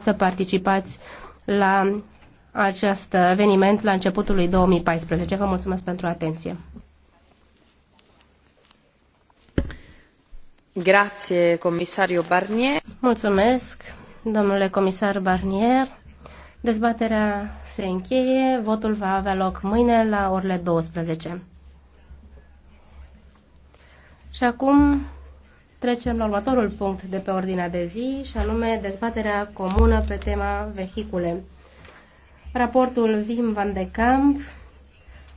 să participați la acest eveniment la începutul lui 2014. Vă mulțumesc pentru atenție. Grazie, comisariu Barnier. Mulțumesc, domnule comisar Barnier. Dezbaterea se încheie. Votul va avea loc mâine la orele 12. Și acum Trecem la următorul punct de pe ordinea de zi, și anume dezbaterea comună pe tema vehicule. Raportul Vim van de Camp,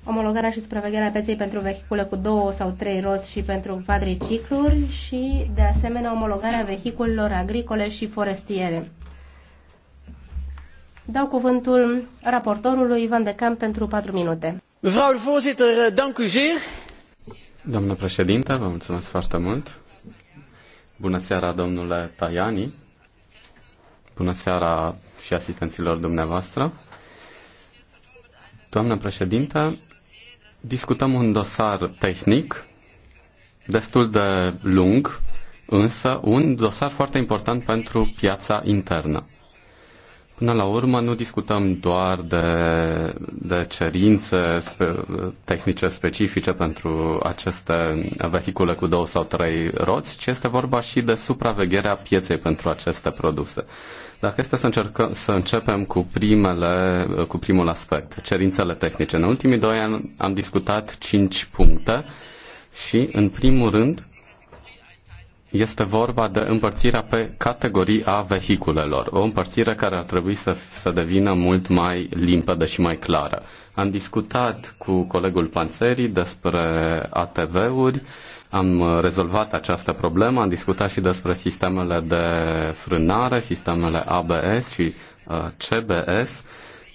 omologarea și supravegherea peței pentru vehicule cu două sau trei roți și pentru quadricicluri și, de asemenea, omologarea vehiculelor agricole și forestiere. Dau cuvântul raportorului Van de Camp pentru patru minute. Mevrouw de voorzitter, eh, dank u zeer. președintă, vă mulțumesc foarte mult. Bună seara, domnule Tajani. Bună seara și asistenților dumneavoastră. Doamnă președinte, discutăm un dosar tehnic destul de lung, însă un dosar foarte important pentru piața internă. Până la urmă, nu discutăm doar de, de cerințe spe, tehnice specifice pentru aceste vehicule cu două sau trei roți, ci este vorba și de supravegherea pieței pentru aceste produse. Dacă este să, încercăm, să începem cu, primele, cu primul aspect, cerințele tehnice. În ultimii doi ani am discutat cinci puncte și, în primul rând, este vorba de împărțirea pe categorii a vehiculelor, o împărțire care ar trebui să, să devină mult mai limpede și mai clară. Am discutat cu colegul Panțerii despre ATV-uri, am rezolvat această problemă, am discutat și despre sistemele de frânare, sistemele ABS și uh, CBS,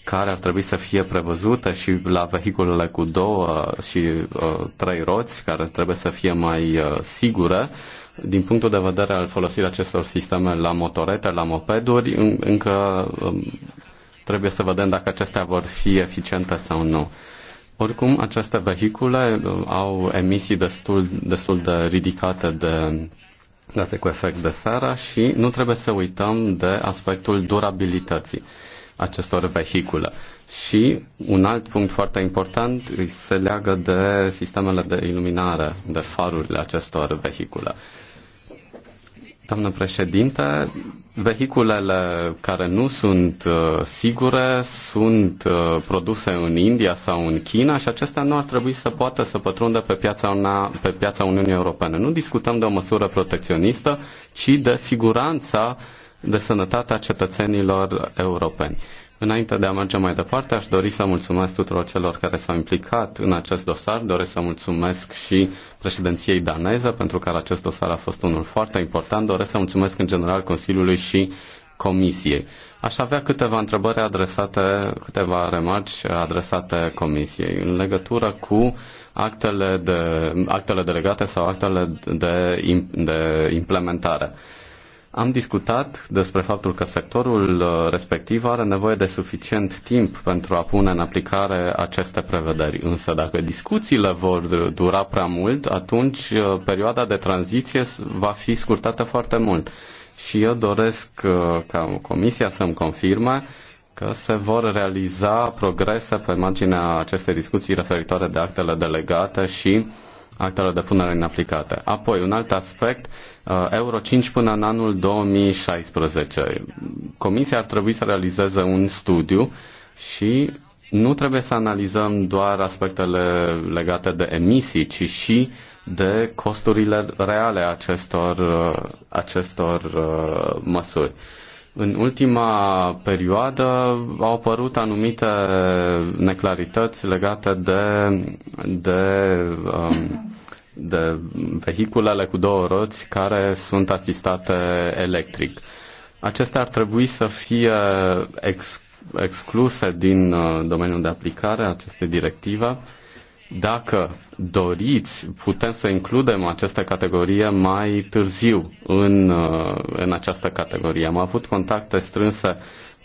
care ar trebui să fie prevăzute și la vehiculele cu două și uh, trei roți, care trebuie să fie mai uh, sigure din punctul de vedere al folosirii acestor sisteme la motorete, la mopeduri, încă um, trebuie să vedem dacă acestea vor fi eficiente sau nu. Oricum, aceste vehicule uh, au emisii destul, destul de ridicate de gaze cu efect de seră și nu trebuie să uităm de aspectul durabilității acestor vehicule. Și un alt punct foarte important se leagă de sistemele de iluminare, de farurile acestor vehicule. Doamnă președintă vehiculele care nu sunt uh, sigure sunt uh, produse în India sau în China și acestea nu ar trebui să poată să pătrundă pe piața, una, pe piața Uniunii Europene. Nu discutăm de o măsură protecționistă, ci de siguranța de sănătatea cetățenilor europeni. Înainte de a merge mai departe, aș dori să mulțumesc tuturor celor care s-au implicat în acest dosar. Doresc să mulțumesc și președinției daneză pentru că acest dosar a fost unul foarte important. Doresc să mulțumesc în general Consiliului și Comisiei. Aș avea câteva întrebări adresate, câteva remarci adresate Comisiei în legătură cu actele, de, actele delegate sau actele de, de implementare. Am discutat despre faptul că sectorul uh, respectiv are nevoie de suficient timp pentru a pune în aplicare aceste prevederi. Însă dacă discuțiile vor dura prea mult, atunci uh, perioada de tranziție va fi scurtată foarte mult. Și eu doresc uh, ca Comisia să-mi confirme că se vor realiza progrese pe marginea acestei discuții referitoare de actele delegate și uh, actelor de punere în aplicate. Apoi, un alt aspect, uh, Euro 5 până în anul 2016. Comisia ar trebui să realizeze un studiu și nu trebuie să analizăm doar aspectele legate de emisii, ci și de costurile reale acestor, uh, acestor uh, măsuri. În ultima perioadă au apărut anumite neclarități legate de, de um, de vehiculele cu două roți care sunt asistate electric. Acestea ar trebui să fie ex- excluse din uh, domeniul de aplicare a acestei directive. Dacă doriți, putem să includem această categorie mai târziu în, uh, în această categorie. Am avut contacte strânse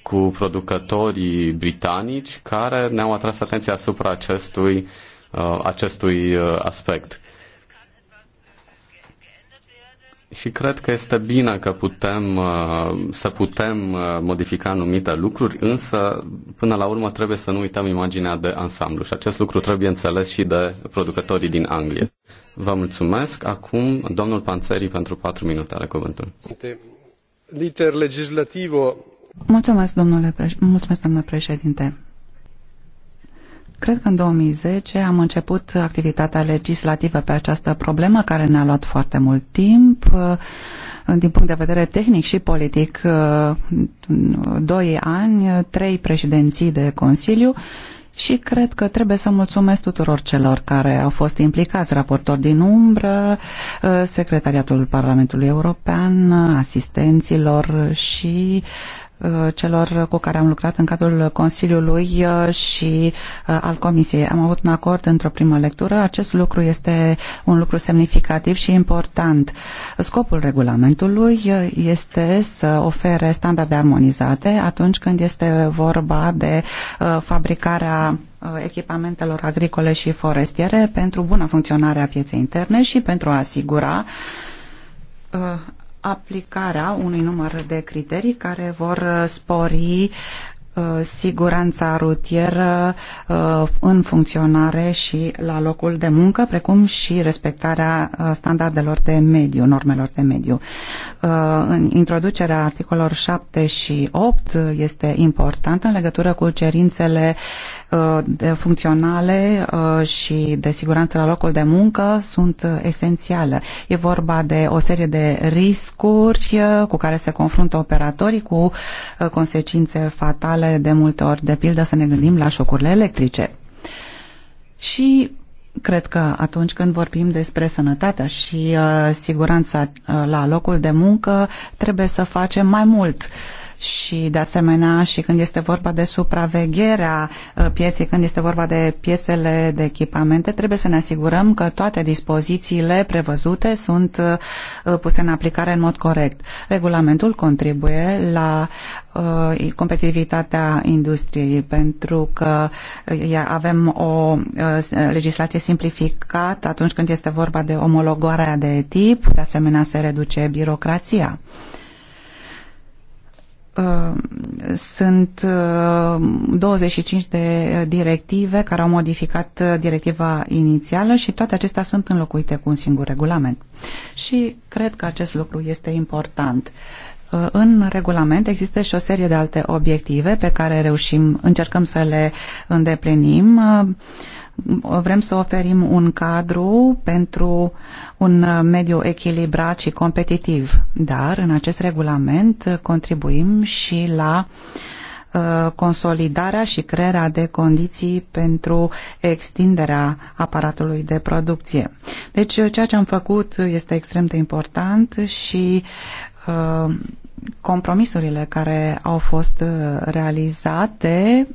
cu producătorii britanici care ne-au atras atenția asupra acestui, uh, acestui aspect. Și cred că este bine că putem uh, să putem uh, modifica anumite lucruri, însă până la urmă trebuie să nu uităm imaginea de ansamblu și acest lucru trebuie înțeles și de producătorii din Anglia. Vă mulțumesc. Acum domnul Panțeri pentru 4 minute ale cuvântul. Liter legislativo. Mulțumesc, domnule mulțumesc, domnule președinte. Cred că în 2010 am început activitatea legislativă pe această problemă care ne-a luat foarte mult timp. Uh, din punct de vedere tehnic și politic, uh, doi ani, trei președinții de Consiliu și cred că trebuie să mulțumesc tuturor celor care au fost implicați, raportori din umbră, uh, secretariatul Parlamentului European, asistenților și Uh, celor cu care am lucrat în cadrul Consiliului uh, și uh, al Comisiei. Am avut un acord într-o primă lectură. Acest lucru este un lucru semnificativ și important. Scopul regulamentului este să ofere standarde armonizate atunci când este vorba de fabricarea echipamentelor agricole și forestiere pentru bună funcționare a pieței interne și pentru a asigura aplicarea unui număr de criterii care vor spori Uh, siguranța rutieră uh, în funcționare și la locul de muncă, precum și respectarea uh, standardelor de mediu, normelor de mediu. În introducerea articolelor 7 și 8 este importantă în legătură cu cerințele funcționale și de siguranță la locul de muncă sunt esențiale. E vorba de o serie de riscuri cu care se confruntă operatorii cu consecințe fatale ele de multe ori, de pildă să ne gândim la șocurile electrice. Și cred că atunci când vorbim despre sănătatea și uh, siguranța uh, la locul de muncă, trebuie să facem mai mult. Uh, și de asemenea și când este vorba de supravegherea uh, pieței, când este vorba de piesele de echipamente, trebuie să ne asigurăm că toate dispozițiile prevăzute sunt uh, uh, puse în aplicare în mod corect. Regulamentul contribuie la competitivitatea industriei pentru că avem o legislație simplificată atunci când este vorba de omologarea de tip, de asemenea se reduce birocrația. Uh, Uh, sunt 25 uh, de directive care au modificat uh, directiva inițială și toate acestea sunt înlocuite cu un singur regulament. Și cred că acest lucru este important. În regulament există și o serie de alte obiective pe care reușim, încercăm să le îndeplinim Vrem să oferim un cadru pentru un mediu echilibrat și competitiv, dar în acest regulament contribuim și la uh, consolidarea și crearea de condiții pentru extinderea aparatului de producție. Deci uh, ceea ce am făcut este extrem de important și uh, compromisurile care au fost realizate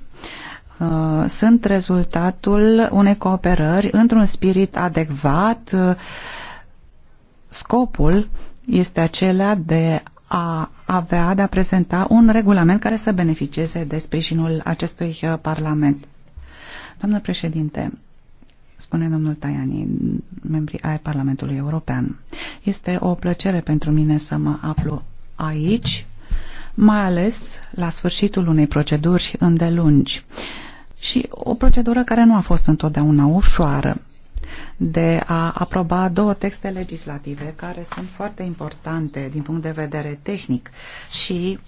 Uh, sunt rezultatul unei cooperări într-un spirit adecvat. Uh, scopul este acela de a avea, de a prezenta un regulament care să beneficieze de sprijinul acestui uh, Parlament. Doamnă președinte, spune domnul Tajani, membrii ai Parlamentului European, este o plăcere pentru mine să mă aflu aici, mai ales la sfârșitul unei proceduri îndelungi. Uh, și o procedură care nu a fost întotdeauna ușoară de a aproba două texte legislative care sunt foarte importante din punct de vedere tehnic și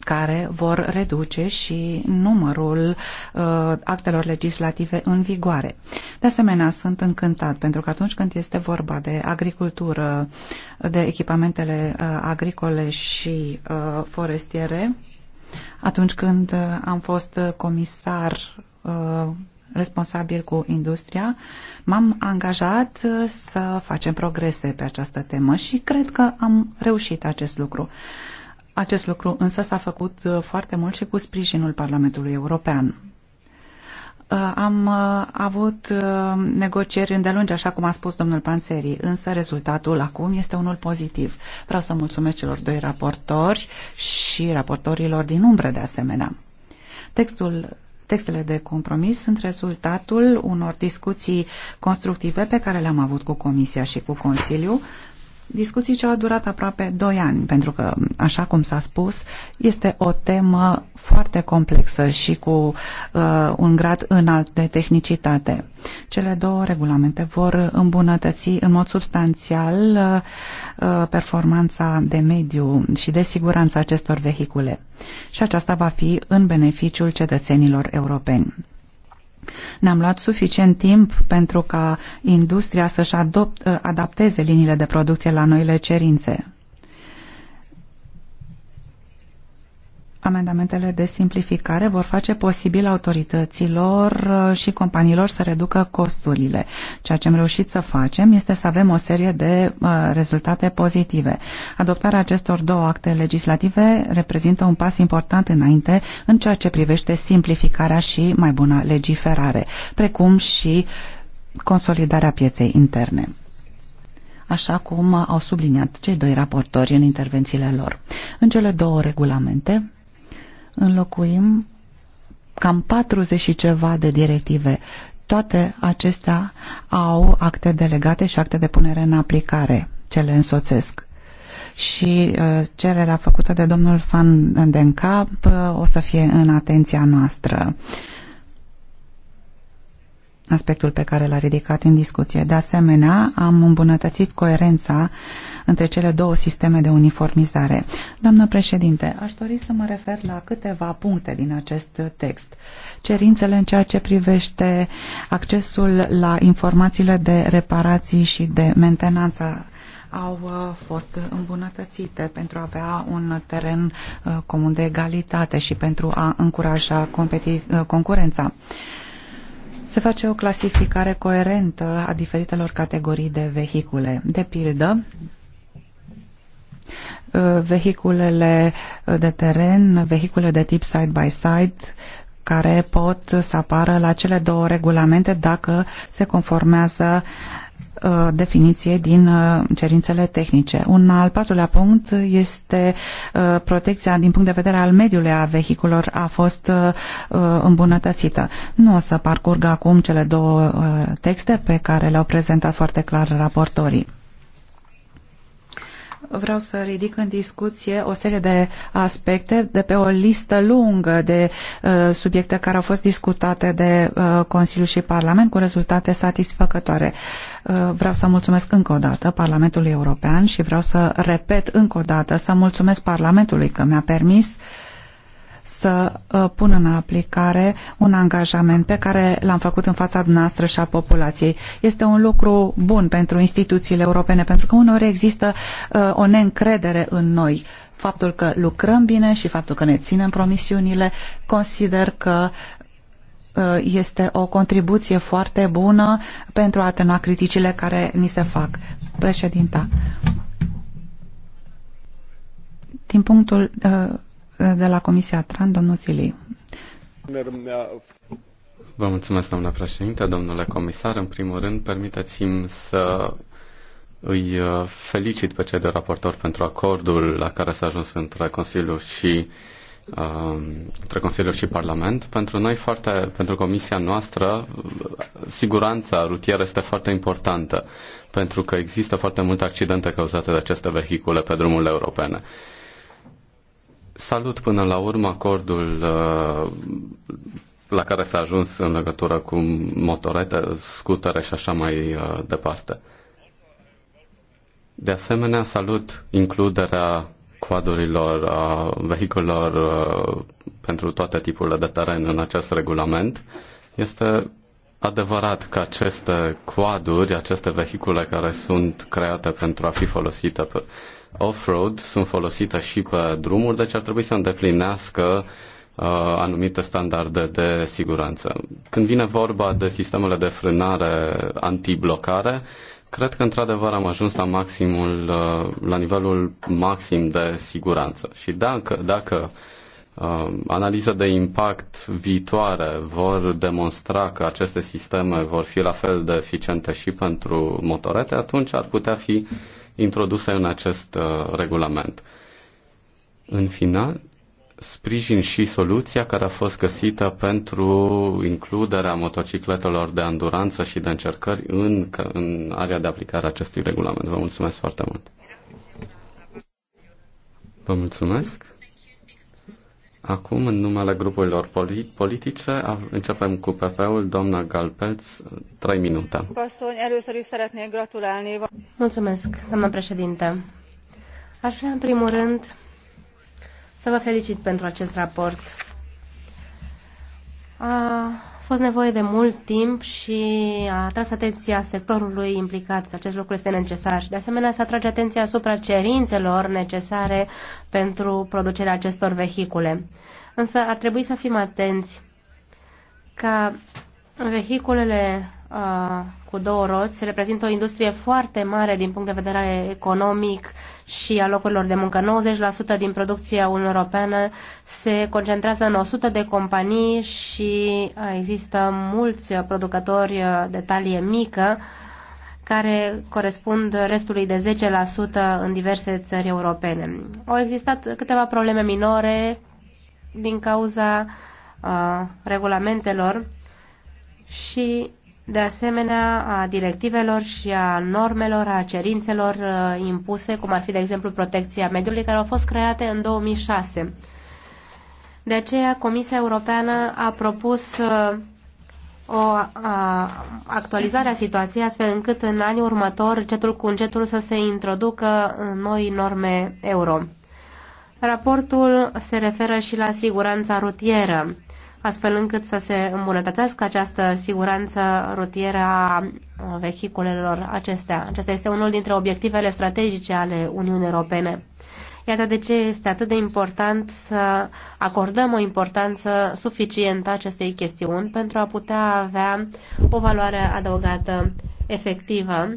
care vor reduce și numărul uh, actelor legislative în vigoare. De asemenea, sunt încântat pentru că atunci când este vorba de agricultură, de echipamentele uh, agricole și uh, forestiere, atunci când uh, am fost uh, comisar uh, responsabil cu industria, m-am angajat să facem progrese pe această temă și cred că am reușit acest lucru. Acest lucru însă s-a făcut foarte mult și cu sprijinul Parlamentului European. Uh, am uh, avut uh, negocieri îndelungi, așa cum a spus domnul Panseri, însă rezultatul acum este unul pozitiv. Vreau să mulțumesc celor doi raportori și raportorilor din umbră de asemenea. Textul Textele de compromis sunt rezultatul unor discuții constructive pe care le-am avut cu Comisia și cu Consiliu Discuții ce au durat aproape 2 ani, pentru că, așa cum s-a spus, este o temă foarte complexă și cu uh, un grad înalt de tehnicitate. Cele două regulamente vor îmbunătăți în mod substanțial uh, uh performanța de mediu și de siguranță acestor vehicule. Și aceasta va fi în beneficiul cetățenilor europeni. Ne-am luat suficient timp pentru ca industria să-și adapteze liniile de producție la noile cerințe. Amendamentele de simplificare vor face posibil autorităților uh, și companiilor să reducă costurile. Ceea ce am reușit să facem este să avem o serie de uh, rezultate pozitive. Adoptarea acestor două acte legislative reprezintă un pas important înainte în ceea ce privește simplificarea și mai bună legiferare, precum și consolidarea pieței interne așa cum au subliniat cei doi raportori în intervențiile lor. În cele două regulamente, înlocuim cam 40 și ceva de directive. Toate acestea au acte delegate și acte de punere în aplicare ce le însoțesc. Și uh, cererea făcută de domnul Fan dencap uh, o să fie în atenția noastră. Uh, aspectul pe care l-a ridicat în discuție. De asemenea, am îmbunătățit coerența între cele două sisteme de uniformizare. Doamnă președinte, aș dori să mă refer la câteva puncte din acest text. Cerințele în ceea ce privește accesul la informațiile de reparații și de mentenanță au uh, fost îmbunătățite pentru a avea un teren uh, comun de egalitate și pentru a încuraja uh, concurența. Se face o clasificare coerentă a diferitelor categorii de vehicule. De pildă, vehiculele de teren, vehicule de tip side-by-side, -side, care pot să apară la cele două regulamente dacă se conformează uh, Uh, definiție din uh, cerințele tehnice. Un al patrulea punct este uh, protecția din punct de vedere al mediului a vehiculor a fost îmbunătățită. Nu o să parcurg acum cele două texte pe care le-au prezentat foarte clar raportorii. Vreau să ridic în discuție o serie de aspecte de pe o listă lungă de uh, subiecte care au fost discutate de uh, Consiliu și Parlament cu rezultate satisfăcătoare. Uh, vreau să mulțumesc încă o dată Parlamentului European și vreau să repet încă o dată să mulțumesc Parlamentului că mi-a permis uh, să uh, pună în aplicare un angajament pe care l-am făcut în fața dumneavoastră și a populației. Este un lucru bun pentru instituțiile europene, pentru că uneori există uh, o neîncredere în noi. Faptul că lucrăm bine și faptul că ne ținem promisiunile, consider că uh, este o contribuție foarte bună pentru a atenua criticile care ni se fac. Președinta, din punctul de la Comisia Tran, domnul Zilei. Vă mulțumesc, doamna președinte, domnule comisar. În primul rând, permiteți-mi să îi uh, felicit pe cei de raportor pentru acordul la care s-a ajuns între Consiliu și uh, între Consiliul și Parlament. Pentru noi, foarte, pentru comisia noastră, siguranța rutieră este foarte importantă, pentru că există foarte multe accidente cauzate de aceste vehicule pe drumurile europene. Salut până la urmă acordul uh, la care s-a ajuns în legătură cu motorete, scutere și așa mai uh, departe. De asemenea, salut includerea quadurilor, uh, vehiculor vehiculelor pentru toate tipurile de teren în acest regulament. Este adevărat că aceste cuaduri, aceste vehicule care sunt create pentru a fi folosite pe, off-road sunt folosite și pe drumuri, deci ar trebui să îndeplinească uh, anumite standarde de siguranță. Când vine vorba de sistemele de frânare antiblocare, cred că într-adevăr am ajuns la maximul, uh, la nivelul maxim de siguranță. Și dacă, dacă uh, analiza de impact viitoare vor demonstra că aceste sisteme vor fi la fel de eficiente și pentru motorete, atunci ar putea fi uh, introduse în acest uh, regulament. În final, sprijin și soluția care a fost găsită pentru includerea motocicletelor de anduranță și de încercări în, în area de aplicare a acestui regulament. Vă mulțumesc foarte mult! Vă mulțumesc! Acum, în numele grupurilor politice, începem cu PP-ul, doamna Galpeț, 3 minute. Mulțumesc, doamna președinte. Aș vrea, în primul rând, să vă felicit pentru acest raport. A fost nevoie de mult timp și a atras atenția sectorului implicat. Acest lucru este necesar și de asemenea să atrage atenția asupra cerințelor necesare pentru producerea acestor vehicule. Însă ar trebui să fim atenți ca vehiculele Uh, cu două roți reprezintă o industrie foarte mare din punct de vedere economic și a locurilor de muncă. 90% din producția Uniunii Europeană se concentrează în 100 de companii și uh, există mulți producători uh, de talie mică care corespund restului de 10% în diverse țări europene. Au existat câteva probleme minore din cauza uh, regulamentelor și de asemenea a directivelor și a normelor, a cerințelor uh, impuse, cum ar fi, de exemplu, protecția mediului, care au fost create în 2006. De aceea, Comisia Europeană a propus uh, o actualizare a situației, astfel încât în anii următori, cetul cu încetul, să se introducă uh, noi norme euro. Raportul se referă și la siguranța rutieră astfel încât să se îmbunătățească această siguranță rutieră a vehiculelor acestea. Acesta este unul dintre obiectivele strategice ale Uniunii Europene. Iată de ce este atât de important să acordăm o importanță suficientă acestei chestiuni pentru a putea avea o valoare adăugată efectivă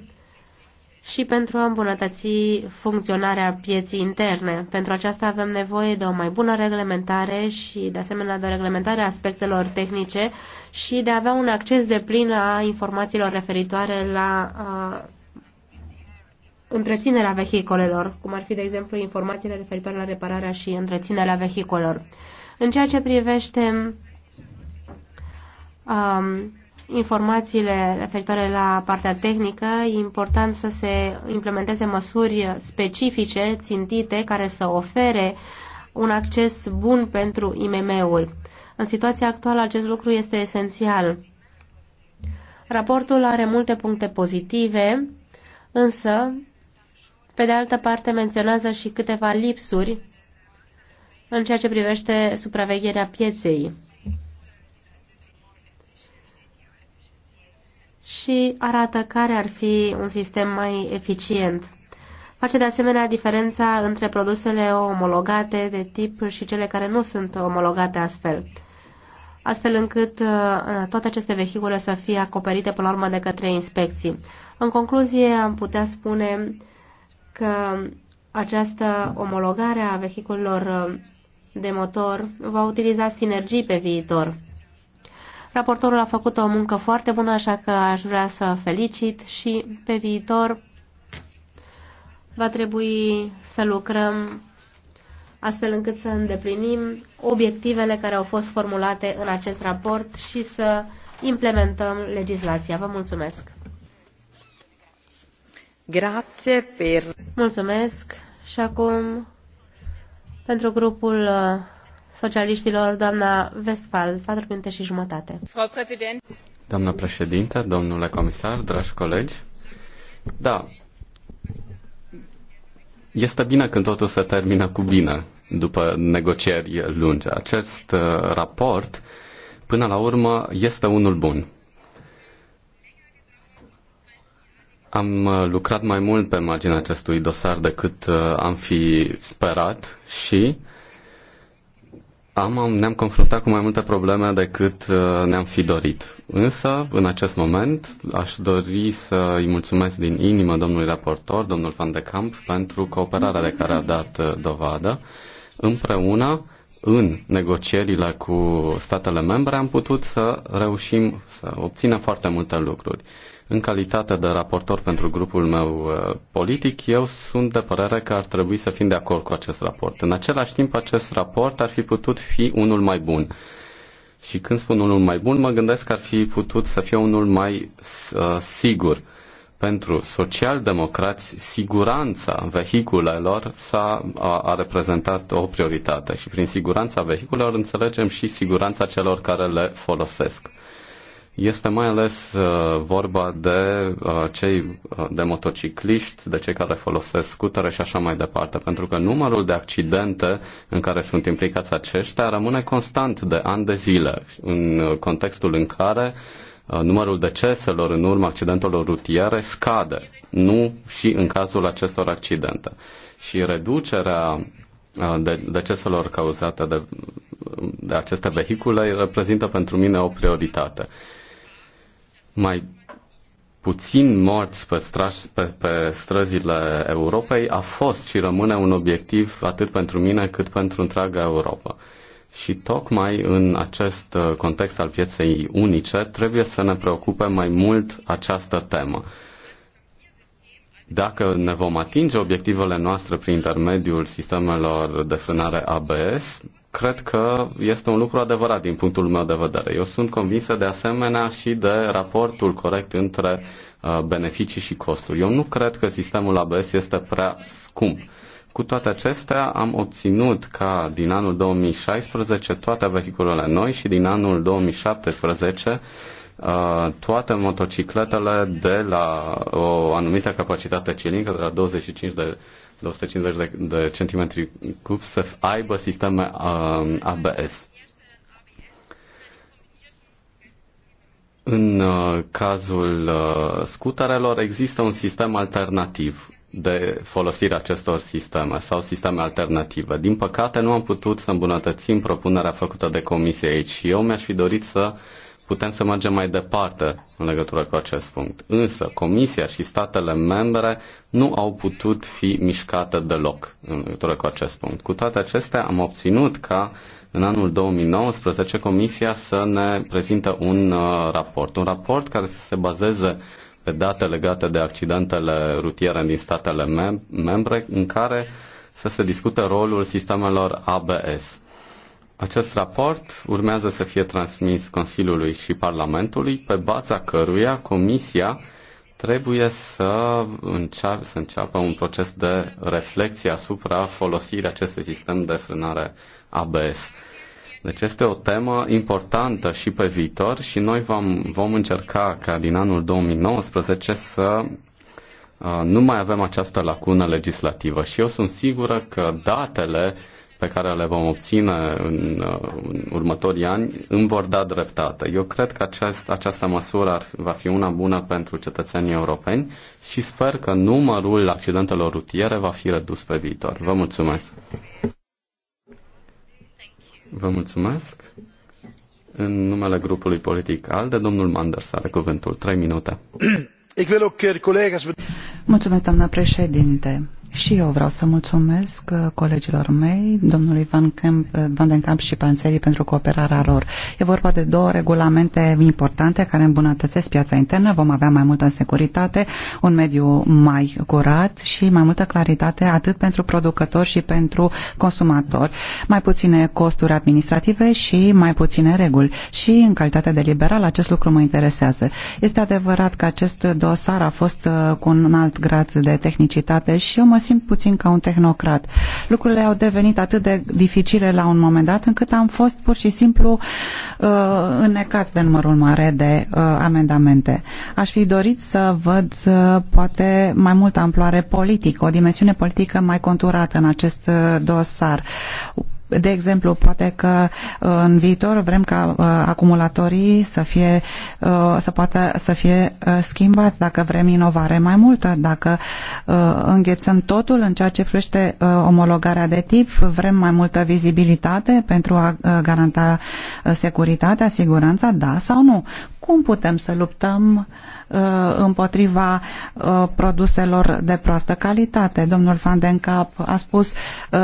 și pentru a îmbunătăți funcționarea pieții interne. Pentru aceasta avem nevoie de o mai bună reglementare și, de asemenea, de o reglementare a aspectelor tehnice și de a avea un acces de plin a informațiilor referitoare la a, întreținerea vehicolelor, cum ar fi, de exemplu, informațiile referitoare la repararea și întreținerea vehicolelor. În ceea ce privește um, informațiile referitoare la partea tehnică, e important să se implementeze măsuri specifice, țintite, care să ofere un acces bun pentru IMM-uri. În situația actuală, acest lucru este esențial. Raportul are multe puncte pozitive, însă, pe de altă parte, menționează și câteva lipsuri în ceea ce privește supravegherea pieței. și arată care ar fi un sistem mai eficient. Face de asemenea diferența între produsele omologate de tip și cele care nu sunt omologate astfel, astfel încât uh, toate aceste vehicule să fie acoperite până la urmă de către inspecții. În concluzie, am putea spune că această omologare a vehiculelor uh, de motor va utiliza sinergii pe viitor Raportorul a făcut o muncă foarte bună, așa că aș vrea să felicit și pe viitor va trebui să lucrăm astfel încât să îndeplinim obiectivele care au fost formulate în acest raport și să implementăm legislația. Vă mulțumesc! Grazie per... Mulțumesc și acum pentru grupul uh, socialiștilor, doamna Vestfal, 4 minute și jumătate. Doamna președinte, domnule comisar, dragi colegi, da, este bine când totul se termină cu bine după negocieri lungi. Acest uh, raport, până la urmă, este unul bun. Am uh, lucrat mai mult pe marginea acestui dosar decât uh, am fi sperat și uh, am, ne-am confruntat cu mai multe probleme decât uh, ne-am fi dorit. Însă, în acest moment, aș dori să îi mulțumesc din inimă domnului raportor, domnul Van de Camp, pentru cooperarea de care a dat uh, dovadă. Împreună, în negocierile cu statele membre, am putut să reușim să obținem foarte multe lucruri. În calitate de raportor pentru grupul meu uh, politic, eu sunt de părere că ar trebui să fim de acord cu acest raport. În același timp, acest raport ar fi putut fi unul mai bun. Și când spun unul mai bun, mă gândesc că ar fi putut să fie unul mai uh, sigur. Pentru socialdemocrați, siguranța vehiculelor s-a, a, a reprezentat o prioritate și prin siguranța vehiculelor înțelegem și siguranța celor care le folosesc. Este mai ales uh, vorba de uh, cei uh, de motocicliști, de cei care folosesc scutere și așa mai departe, pentru că numărul de accidente în care sunt implicați aceștia rămâne constant de ani de zile, în contextul în care numărul deceselor în urma accidentelor rutiere scade, nu și în cazul acestor accidente. Și reducerea de deceselor cauzate de, de aceste vehicule reprezintă pentru mine o prioritate mai puțin morți pe, straș, pe, pe străzile Europei a fost și rămâne un obiectiv atât pentru mine cât pentru întreaga Europa. Și tocmai în acest uh, context al pieței unice trebuie să ne preocupe mai mult această temă. Dacă ne vom atinge obiectivele noastre prin intermediul sistemelor de frânare ABS, cred că este un lucru adevărat din punctul meu de vedere. Eu sunt convinsă de asemenea și de raportul corect între uh, beneficii și costuri. Eu nu cred că sistemul ABS este prea scump. Cu toate acestea, am obținut ca din anul 2016 toate vehiculele noi și din anul 2017 uh, toate motocicletele de la o anumită capacitate cilindrică, de la 25 de de 150 de, de centimetri cub să aibă sisteme uh, um, ABS. În uh, cazul uh, scuterelor există un sistem alternativ de folosirea acestor sisteme sau sisteme alternative. Din păcate, nu am putut să îmbunătățim propunerea făcută de comisie aici și eu mi-aș fi dorit să uh, putem să mergem mai departe în legătură cu acest punct. Însă, Comisia și statele membre nu au putut fi mișcate deloc în legătură cu acest punct. Cu toate acestea, am obținut ca în anul 2019 Comisia să ne prezintă un uh, raport. Un raport care să se bazeze pe date legate de accidentele rutiere din statele mem- membre, în care să se discute rolul sistemelor ABS acest raport urmează să fie transmis Consiliului și Parlamentului, pe baza căruia Comisia trebuie să, înceap, să înceapă un proces de reflexie asupra folosirii acestui sistem de frânare ABS. Deci este o temă importantă și pe viitor și noi vom, vom încerca ca din anul 2019 să uh, nu mai avem această lacună legislativă și eu sunt sigură că datele uh, pe care le vom obține în, în următorii ani îmi vor da dreptate. Eu cred că acest, această măsură ar, va fi una bună pentru cetățenii europeni și sper că numărul accidentelor rutiere va fi redus pe viitor. Vă mulțumesc! Vă mulțumesc! În numele grupului politic al de domnul Manders are cuvântul. 3 minute. Eh, mulțumesc, doamna președinte. Și eu vreau să mulțumesc uh, colegilor mei, domnului Van, Kemp, uh, Van den Camp și Panțerii pentru cooperarea lor. E vorba de două regulamente importante care îmbunătățesc piața internă, vom avea mai multă securitate, un mediu mai curat și mai multă claritate atât pentru producători și pentru consumatori, mai puține costuri administrative și mai puține reguli. Și în calitate de liberal acest lucru mă interesează. Este adevărat că acest dosar a fost uh, cu un alt grad de tehnicitate și eu mă simt puțin ca un tehnocrat. Lucrurile au devenit atât de dificile la un moment dat încât am fost pur și simplu uh, înnecați de numărul mare de uh, amendamente. Aș fi dorit să văd uh, poate mai multă amploare politică, o dimensiune politică mai conturată în acest uh, dosar de exemplu, poate că uh, în viitor vrem ca uh, acumulatorii să fie uh, să poată să fie schimbați, dacă vrem inovare mai multă, dacă înghețăm totul în ceea ce privește omologarea de tip, vrem mai multă vizibilitate pentru a garanta securitatea, siguranța, da sau nu? Cum putem să luptăm împotriva produselor de proastă calitate? Domnul Van den Cap a spus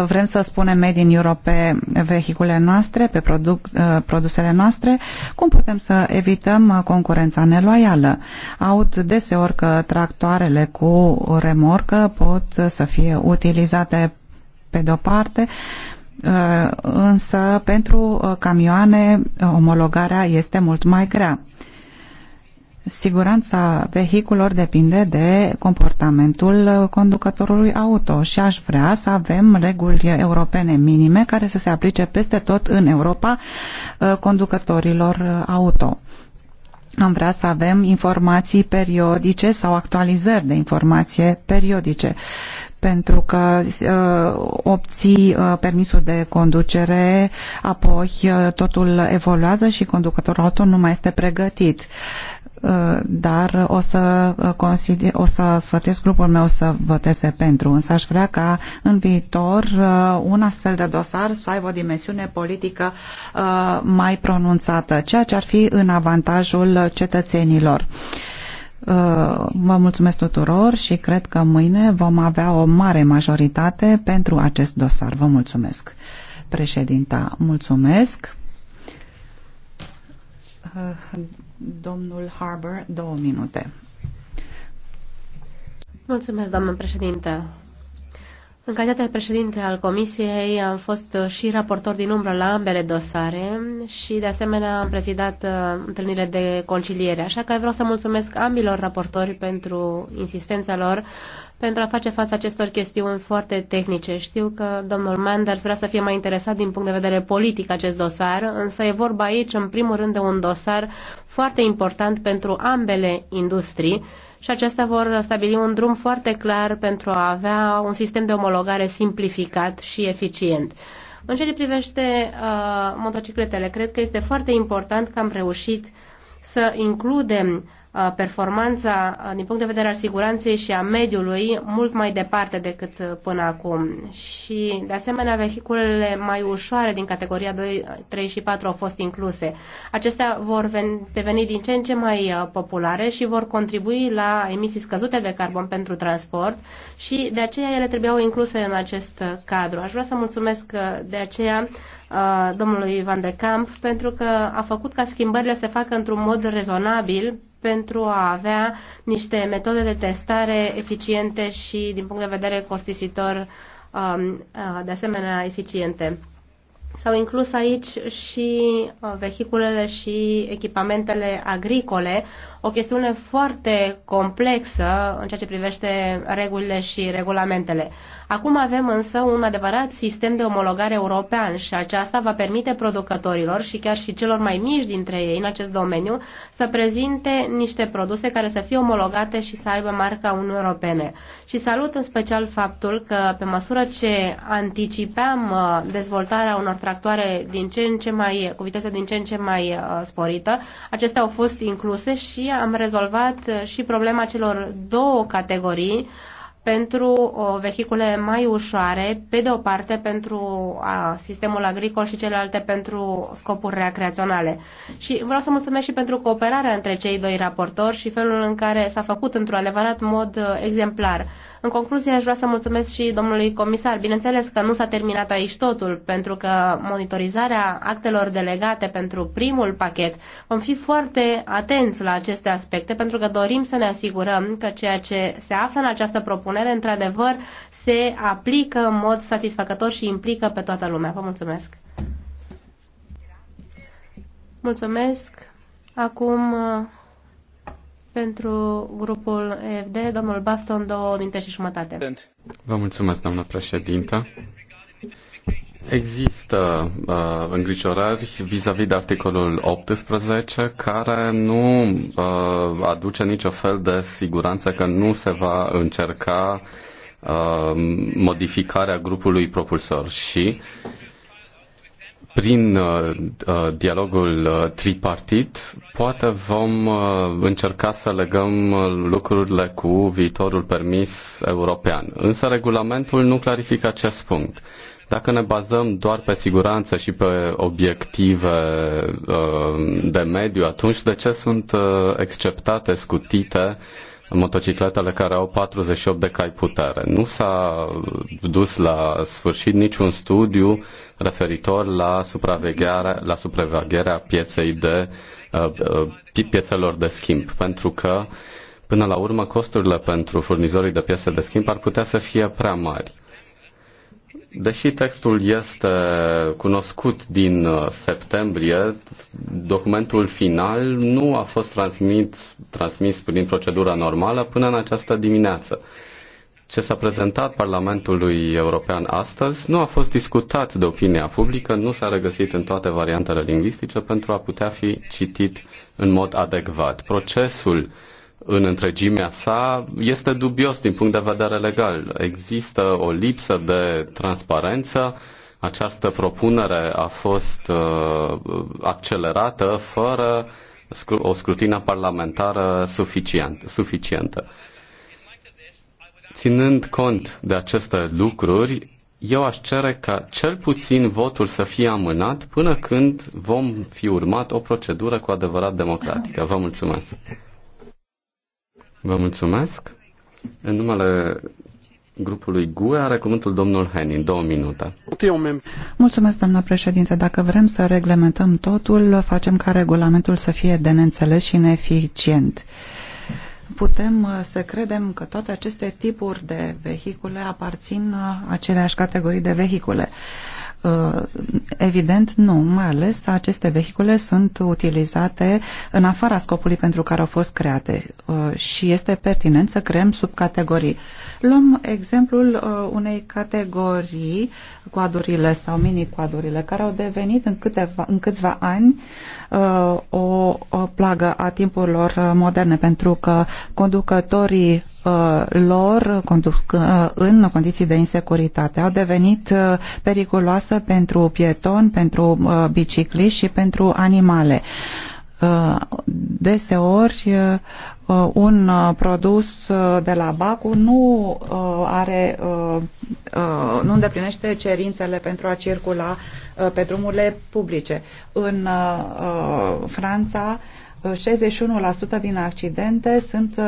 vrem să spunem Made in Europe pe vehicule noastre, pe produc, uh, produsele noastre, cum putem să evităm uh, concurența neloială. Aud deseori că tractoarele cu remorcă pot să fie utilizate pe de-o parte, uh, însă pentru camioane omologarea este mult mai grea. Siguranța vehiculor depinde de comportamentul conducătorului auto și aș vrea să avem reguli europene minime care să se aplice peste tot în Europa uh, conducătorilor uh, auto. Am vrea să avem informații periodice sau actualizări de informație periodice pentru că uh, obții uh, permisul de conducere, apoi uh, totul evoluează și conducătorul auto nu mai este pregătit. Uh, dar o să, uh, consider, o să sfătuiesc grupul meu să voteze pentru. Însă aș vrea ca în viitor uh, un astfel de dosar să aibă o dimensiune politică mai pronunțată, ceea ce ar fi în avantajul cetățenilor. Vă mulțumesc tuturor și cred că mâine vom avea o mare majoritate pentru acest dosar. Vă mulțumesc. Președinta, mulțumesc. Uh, domnul Harbour, două minute. Mulțumesc, doamnă președinte. În calitate de președinte al Comisiei am fost și raportor din umbră la ambele dosare și de asemenea am prezidat uh, întâlnirile de conciliere, așa că vreau să mulțumesc ambilor raportori pentru insistența lor pentru a face față acestor chestiuni foarte tehnice. Știu că domnul Manders vrea să fie mai interesat din punct de vedere politic acest dosar, însă e vorba aici, în primul rând, de un dosar foarte important pentru ambele industrii și acestea vor stabili un drum foarte clar pentru a avea un sistem de omologare simplificat și eficient. În ce privește uh, motocicletele, cred că este foarte important că am reușit să includem Uh, performanța uh, din punct de vedere al siguranței și a mediului mult mai departe decât uh, până acum. Și, de asemenea, vehiculele mai ușoare din categoria 2, 3 și 4 au fost incluse. Acestea vor deveni din ce în ce mai populare și vor contribui la emisii scăzute de carbon pentru transport și de aceea ele trebuiau incluse în acest cadru. Aș vrea să mulțumesc de aceea domnului Van de Camp pentru că a făcut ca schimbările să facă într-un mod rezonabil pentru a avea niște metode de testare eficiente și din punct de vedere costisitor um, de asemenea eficiente. S-au inclus aici și uh, vehiculele și echipamentele agricole, o chestiune foarte complexă în ceea ce privește regulile și regulamentele. Acum avem însă un adevărat sistem de omologare european și aceasta va permite producătorilor și chiar și celor mai mici dintre ei în acest domeniu să prezinte niște produse care să fie omologate și să aibă marca Uniunii Europene. Și salut în special faptul că pe măsură ce anticipeam uh, dezvoltarea unor tractoare din ce în ce mai, cu viteză din ce în ce mai uh, sporită, acestea au fost incluse și am rezolvat uh, și problema celor două categorii pentru o vehicule mai ușoare, pe de o parte pentru a, sistemul agricol și celelalte pentru scopuri recreaționale. Și vreau să mulțumesc și pentru cooperarea între cei doi raportori și felul în care s-a făcut într-un adevărat mod uh, exemplar. În concluzie, aș vrea să mulțumesc și domnului comisar. Bineînțeles că nu s-a terminat aici totul, pentru că monitorizarea actelor delegate pentru primul pachet vom fi foarte atenți la aceste aspecte, pentru că dorim să ne asigurăm că ceea ce se află în această propunere, într-adevăr, se aplică în mod satisfăcător și implică pe toată lumea. Vă mulțumesc! Mulțumesc! Acum pentru grupul EFD, domnul Bafton, două minute și jumătate. Vă mulțumesc, doamnă președintă. Există uh, îngrijorări vis-a-vis -vis de articolul 18 care nu uh, aduce nicio fel de siguranță că nu se va încerca uh, modificarea grupului propulsor și prin uh, uh, dialogul uh, tripartit, poate vom încerca să legăm lucrurile cu viitorul permis european. Însă regulamentul nu clarifică acest punct. Dacă ne bazăm doar pe siguranță și pe obiective de mediu, atunci de ce sunt exceptate, scutite motocicletele care au 48 de cai putere. Nu s-a dus la sfârșit niciun studiu referitor la supravegherea, la supravegherea pieței de, uh, uh, piețelor de schimb, pentru că Până la urmă, costurile pentru furnizorii de piese de schimb ar putea să fie prea mari. Deși textul este cunoscut din uh, septembrie, documentul final nu a fost transmit, transmis prin procedura normală până în această dimineață. Ce s-a prezentat Parlamentului European astăzi nu a fost discutat de opinia publică, nu s-a regăsit în toate variantele lingvistice pentru a putea fi citit în mod adecvat. Procesul uh, în întregimea sa este dubios din punct de vedere legal. Există o lipsă de transparență. Această propunere a fost uh, accelerată fără o scrutină parlamentară suficient, suficientă. Ținând cont de aceste lucruri, eu aș cere ca cel puțin votul să fie amânat până când vom fi urmat o procedură cu adevărat democratică. Vă mulțumesc! Vă mulțumesc. În numele grupului GUE are cuvântul domnul Henin, două minute. Mulțumesc, doamna președinte. Dacă vrem să reglementăm totul, facem ca regulamentul să fie de neînțeles și neeficient putem uh, să credem că toate aceste tipuri de vehicule aparțin uh, aceleași categorii de vehicule. Uh, evident, nu, mai ales aceste vehicule sunt utilizate în afara scopului pentru care au fost create uh, și este pertinent să creăm subcategorii. Luăm exemplul uh, unei categorii, coadurile sau mini-coadurile, care au devenit în, câteva, în câțiva ani o, o plagă a timpurilor moderne, pentru că conducătorii Uh, lor uh, în condiții de insecuritate au devenit uh, periculoasă pentru pieton, pentru bicicliști și pentru animale. Deseori un produs de la Bacu nu are nu îndeplinește cerințele pentru a circula pe drumurile publice. În Franța 61% din accidente sunt uh,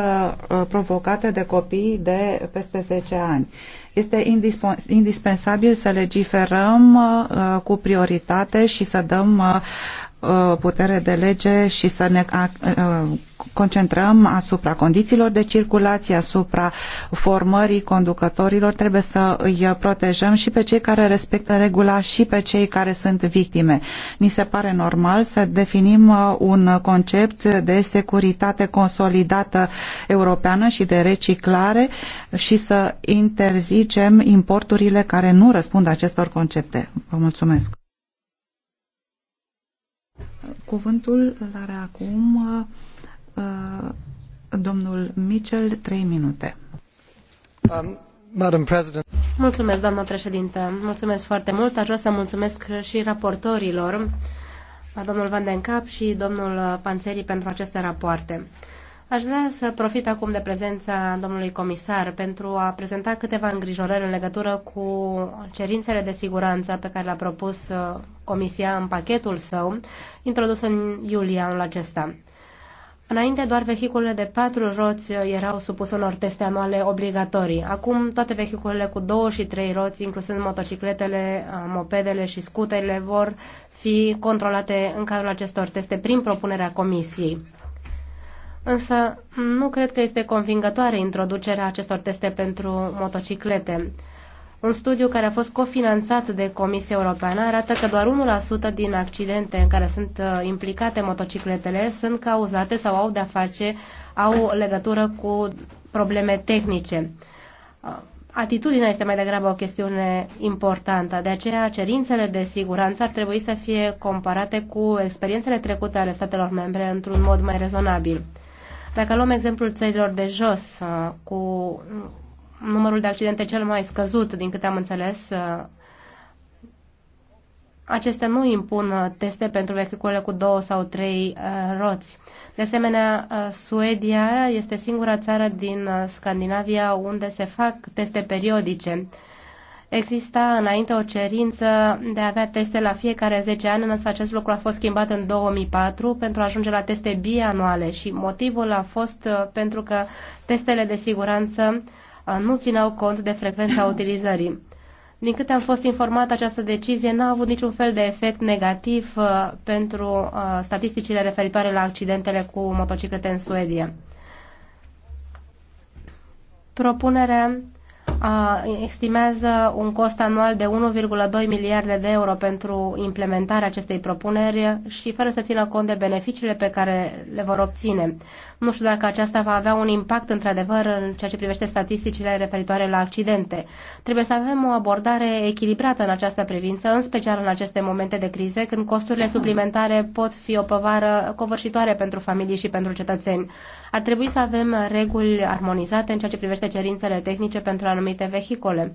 uh, provocate de copii de peste 10 ani. Este indispensabil să legiferăm uh, cu prioritate și să dăm Uh, putere de lege și să ne uh, concentrăm asupra condițiilor de circulație, asupra formării conducătorilor. Trebuie să îi protejăm și pe cei care respectă regula și pe cei care sunt victime. Ni se pare normal să definim uh, un concept de securitate consolidată europeană și de reciclare și să interzicem importurile care nu răspund acestor concepte. Vă mulțumesc! Cuvântul îl are acum uh, domnul Mitchell, trei minute. Um, Madam President. Mulțumesc, doamnă președinte. Mulțumesc foarte mult. Aș vrea să mulțumesc și raportorilor, domnul Van den Cap și domnul Panțeri, pentru aceste rapoarte. Aș vrea să profit acum de prezența domnului comisar pentru a prezenta câteva îngrijorări în legătură cu cerințele de siguranță pe care le-a propus uh, Comisia în pachetul său, introdus în iulie anul acesta. Înainte, doar vehiculele de patru roți uh, erau supuse unor teste anuale obligatorii. Acum, toate vehiculele cu două și trei roți, inclusând motocicletele, uh, mopedele și scuterile, vor fi controlate în cadrul acestor teste prin propunerea Comisiei. Însă nu cred că este convingătoare introducerea acestor teste pentru motociclete. Un studiu care a fost cofinanțat de Comisia Europeană arată că doar 1% din accidente în care sunt uh, implicate motocicletele sunt cauzate sau au de-a face, au legătură cu probleme tehnice. Uh, atitudinea este mai degrabă o chestiune importantă, de aceea cerințele de siguranță ar trebui să fie comparate cu experiențele trecute ale statelor membre într-un mod mai rezonabil. Dacă luăm exemplul țărilor de jos, uh, cu numărul de accidente cel mai scăzut, din câte am înțeles, uh, acestea nu impun uh, teste pentru vehicule cu două sau trei roți. De asemenea, Suedia este singura țară din Scandinavia unde se fac teste periodice Exista înainte o cerință de a avea teste la fiecare 10 ani, însă acest lucru a fost schimbat în 2004 pentru a ajunge la teste bianuale și motivul a fost uh, pentru că testele de siguranță uh, nu țineau cont de frecvența utilizării. Din câte am fost informat, această decizie n-a avut niciun fel de efect negativ uh, pentru statisticile referitoare la accidentele cu motociclete în Suedia. Propunerea estimează un cost anual de 1,2 miliarde de euro pentru implementarea acestei propuneri și fără să țină cont de beneficiile pe care le vor obține. Nu știu dacă aceasta va avea un impact într-adevăr în ceea ce privește statisticile referitoare la accidente. Trebuie să avem o abordare echilibrată în această privință, în special în aceste momente de crize, când costurile suplimentare pot fi o povară covârșitoare pentru familii și pentru cetățeni. Ar trebui să avem reguli armonizate în ceea ce privește cerințele tehnice pentru anumite vehicole.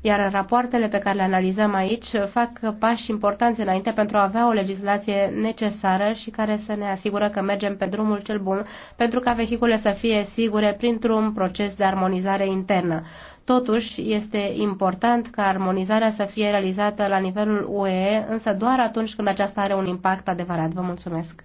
Iar rapoartele pe care le analizăm aici fac pași importanți înainte pentru a avea o legislație necesară și care să ne asigură că mergem pe drumul cel bun pentru ca vehicule să fie sigure printr-un proces de armonizare internă. Totuși, este important ca armonizarea să fie realizată la nivelul UE, însă doar atunci când aceasta are un impact adevărat. Vă mulțumesc!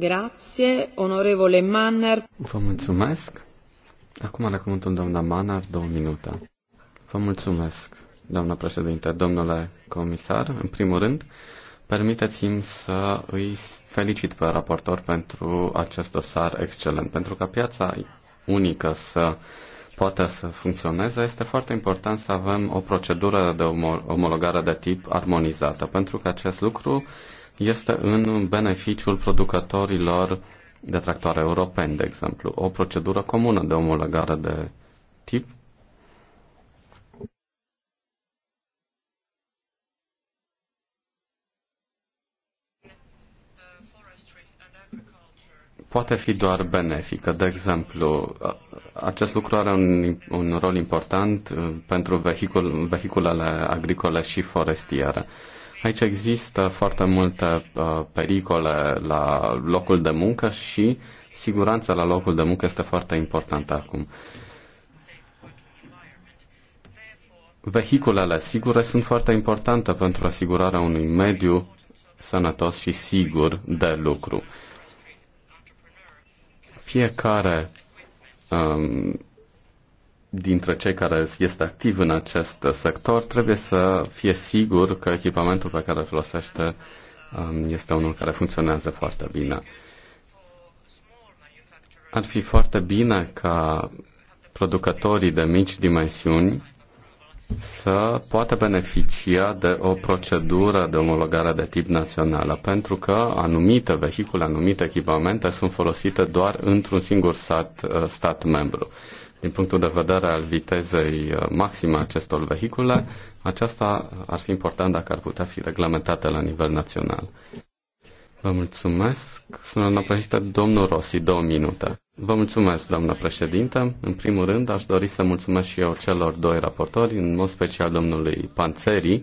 Grazie, onorevole Manner. Vă mulțumesc. Acum are cuvântul doamna Manner, două minute. Vă mulțumesc, doamna președinte, domnule comisar. În primul rând, permiteți-mi să îi felicit pe raportor pentru acest dosar excelent, pentru că piața unică să poate să funcționeze, este foarte important să avem o procedură de omologare de tip armonizată, pentru că acest lucru este în beneficiul producătorilor de tractoare europeni, de exemplu. O procedură comună de omologare de tip poate fi doar benefică. De exemplu, acest lucru are un, un rol important uh, pentru vehicul, vehiculele agricole și forestiere. Aici există foarte multe uh, pericole la locul de muncă și siguranța la locul de muncă este foarte importantă acum. Vehiculele sigure sunt foarte importante pentru asigurarea unui mediu sănătos și sigur de lucru. Fiecare um, dintre cei care este activ în acest sector trebuie să fie sigur că echipamentul pe care îl folosește um, este unul care funcționează foarte bine. Ar fi foarte bine ca producătorii de mici dimensiuni să poată beneficia de o procedură de omologare de tip națională, pentru că anumite vehicule, anumite echipamente sunt folosite doar într-un singur stat, uh, stat membru din punctul de vedere al vitezei uh, maxime a acestor vehicule, aceasta ar fi important dacă ar putea fi reglementată la nivel național. Vă mulțumesc. doamna președinte, domnul Rossi, două minute. Vă mulțumesc, doamna președinte. În primul rând, aș dori să mulțumesc și eu celor doi raportori, în mod special domnului Panțeri,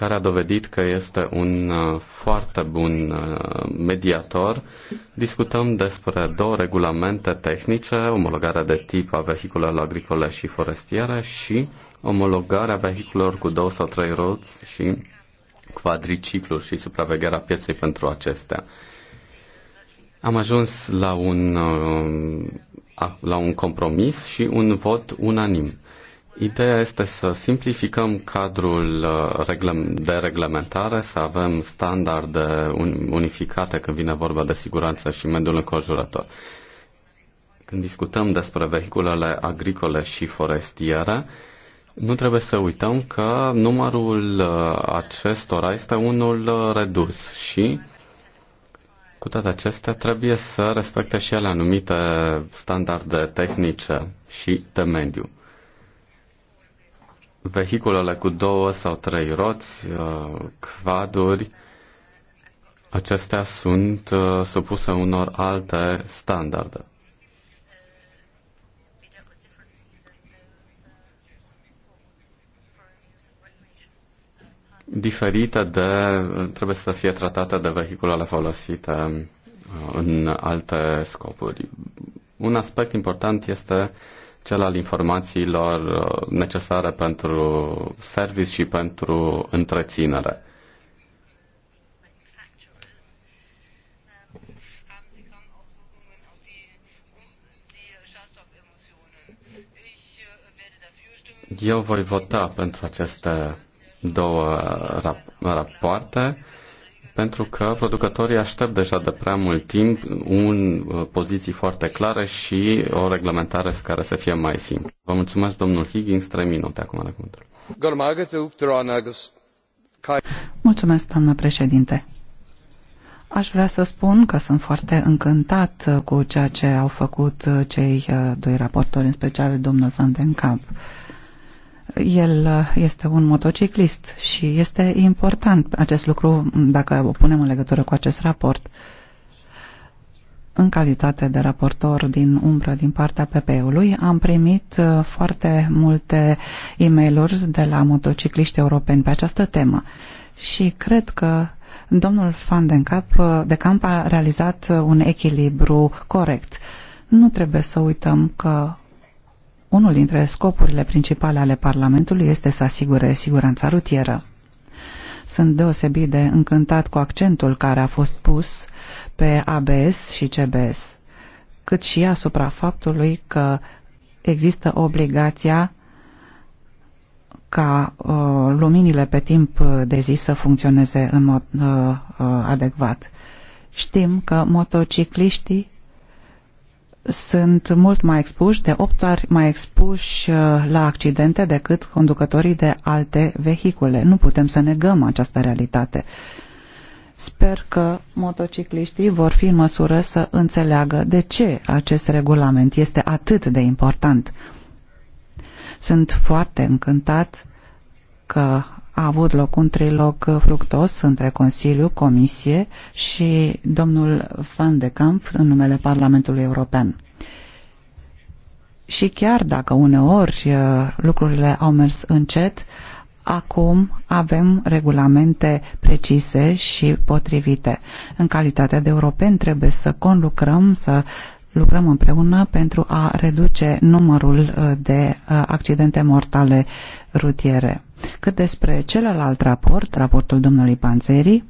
care a dovedit că este un uh, foarte bun uh, mediator. Discutăm despre două regulamente tehnice, omologarea de tip a vehiculelor agricole și forestiere și omologarea vehiculelor cu două sau trei roți și quadricicluri și supravegherea pieței pentru acestea. Am ajuns la un, uh, la un compromis și un vot unanim. Ideea este să simplificăm cadrul uh, de reglementare, să avem standarde unificate când vine vorba de siguranță și mediul înconjurător. Când discutăm despre vehiculele agricole și forestiere, nu trebuie să uităm că numărul uh, acestora este unul uh, redus și cu toate acestea trebuie să respecte și ele anumite standarde tehnice și de mediu vehiculele cu două sau trei roți, quaduri, uh, acestea sunt uh, supuse unor alte standarde. diferite de, trebuie să fie tratate de vehiculele folosite uh, în alte scopuri. Un aspect important este cel al informațiilor uh, necesare pentru service și pentru întreținere. Eu voi vota pentru aceste două rap- rapoarte pentru că producătorii aștept deja de prea mult timp un uh, poziții foarte clare și o reglementare care să fie mai simplă. Vă mulțumesc, domnul Higgins, 3 minute acum la cuvântul. Mulțumesc, doamnă președinte. Aș vrea să spun că sunt foarte încântat uh, cu ceea ce au făcut uh, cei doi raportori, în special domnul Van den Kamp. El uh, este un motociclist și este important acest lucru dacă o punem în legătură cu acest raport. În calitate de raportor din umbră din partea PP-ului, am primit uh, foarte multe e mail de la motocicliști europeni pe această temă și cred că domnul Van den uh, Kamp, de Camp a realizat un echilibru corect. Nu trebuie să uităm că unul dintre scopurile principale ale Parlamentului este să asigure siguranța rutieră. Sunt deosebit de încântat cu accentul care a fost pus pe ABS și CBS, cât și asupra faptului că există obligația ca uh, luminile pe timp de zi să funcționeze în mod uh, uh, adecvat. Știm că motocicliștii sunt mult mai expuși, de 8 ori mai expuși uh, la accidente decât conducătorii de alte vehicule. Nu putem să negăm această realitate. Sper că motocicliștii vor fi în măsură să înțeleagă de ce acest regulament este atât de important. Sunt foarte încântat că a avut loc un trilog fructos între Consiliu, Comisie și domnul Van de Camp în numele Parlamentului European. Și chiar dacă uneori uh, lucrurile au mers încet, acum avem regulamente precise și potrivite. În calitate de europeni trebuie să conlucrăm, să lucrăm împreună pentru a reduce numărul uh, de uh, accidente mortale rutiere. Cât despre celălalt raport, raportul domnului Panzeri,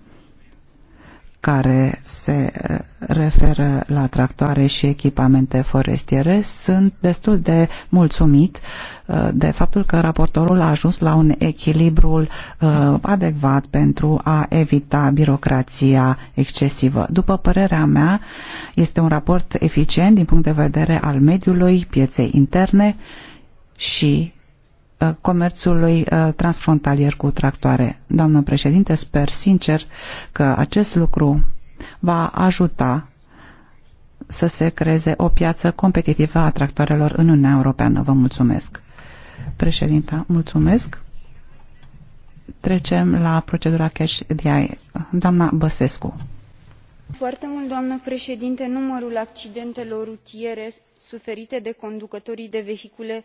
care se uh, referă la tractoare și echipamente forestiere, sunt destul de mulțumit uh, de faptul că raportorul a ajuns la un echilibru uh, adecvat pentru a evita birocrația excesivă. După părerea mea, este un raport eficient din punct de vedere al mediului, pieței interne și Uh, comerțului uh, transfrontalier cu tractoare. Doamnă președinte, sper sincer că acest lucru va ajuta să se creeze o piață competitivă a tractoarelor în Uniunea Europeană. Vă mulțumesc. Președinta, mulțumesc. Trecem la procedura cash DI. Doamna Băsescu. Foarte mult, doamnă președinte, numărul accidentelor rutiere suferite de conducătorii de vehicule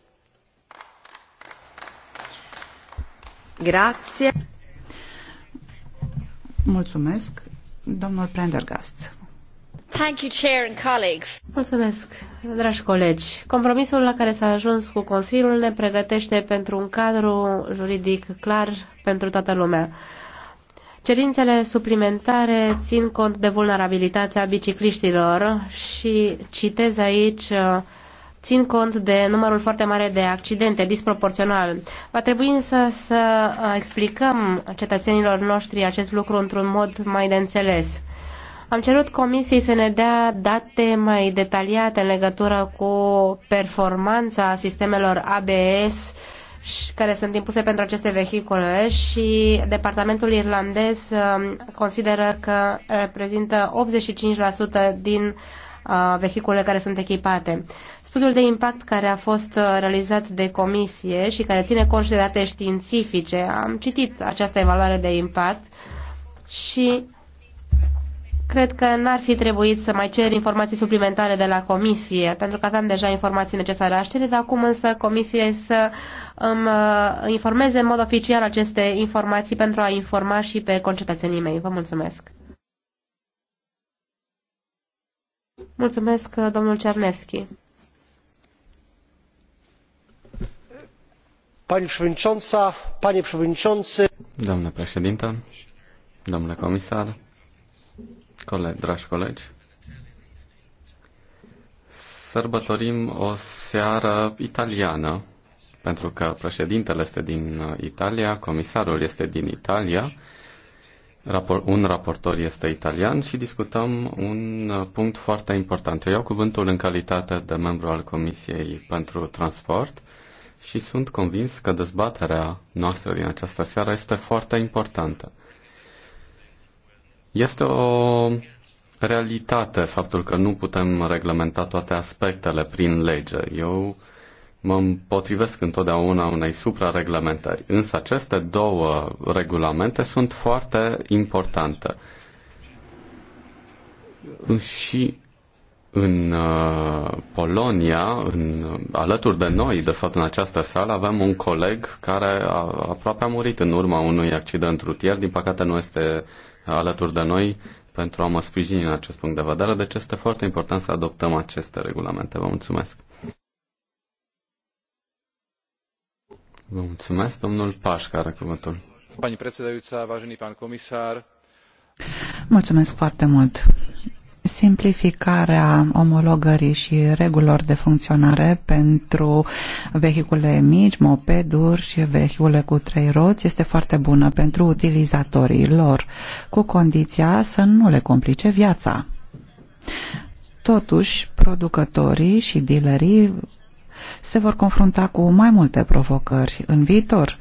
Mulțumesc, domnul Prendergast. Thank you, Chair and colleagues. Mulțumesc, dragi colegi. Compromisul la care s-a ajuns cu Consiliul ne pregătește pentru un cadru juridic clar pentru toată lumea. Cerințele suplimentare țin cont de vulnerabilitatea bicicliștilor și citez aici uh, țin cont de numărul foarte mare de accidente, disproporțional. Va trebui însă să uh, explicăm cetățenilor noștri acest lucru într-un mod mai de înțeles. Am cerut comisiei să ne dea date mai detaliate în legătură cu performanța sistemelor ABS care sunt impuse pentru aceste vehicule și departamentul irlandez uh, consideră că reprezintă 85% din uh, vehiculele care sunt echipate. Studiul de impact care a fost uh, realizat de comisie și care ține cont și de date științifice, am citit această evaluare de impact și cred că n-ar fi trebuit să mai cer informații suplimentare de la comisie, pentru că aveam deja informații necesare. a cere de acum însă comisie să îmi uh, informeze în mod oficial aceste informații pentru a informa și pe concetățenii mei. Vă mulțumesc! Mulțumesc, uh, domnul Cernevski. Pani przewodnicząca, panie przewodniczący. Doamnă președintă, domnule comisar, dragi colegi, sărbătorim o seară italiană, pentru că președintele este din Italia, comisarul este din Italia, un raportor este italian și discutăm un punct foarte important. Eu iau cuvântul în calitate de membru al Comisiei pentru Transport și sunt convins că dezbaterea noastră din această seară este foarte importantă. Este o realitate faptul că nu putem reglementa toate aspectele prin lege. Eu mă împotrivesc întotdeauna unei suprareglementări, însă aceste două regulamente sunt foarte importante. Și în uh, Polonia, în, alături de noi, de fapt, în această sală, avem un coleg care a, aproape a murit în urma unui accident rutier. Din păcate nu este alături de noi pentru a mă sprijini în acest punct de vedere, deci este foarte important să adoptăm aceste regulamente. Vă mulțumesc! Vă mulțumesc, domnul Pașca are cuvântul. Pani președinte, vajeni pan comisar. Mulțumesc foarte mult, Simplificarea omologării și regulilor de funcționare pentru vehicule mici, mopeduri și vehicule cu trei roți este foarte bună pentru utilizatorii lor, cu condiția să nu le complice viața. Totuși, producătorii și dealerii se vor confrunta cu mai multe provocări în viitor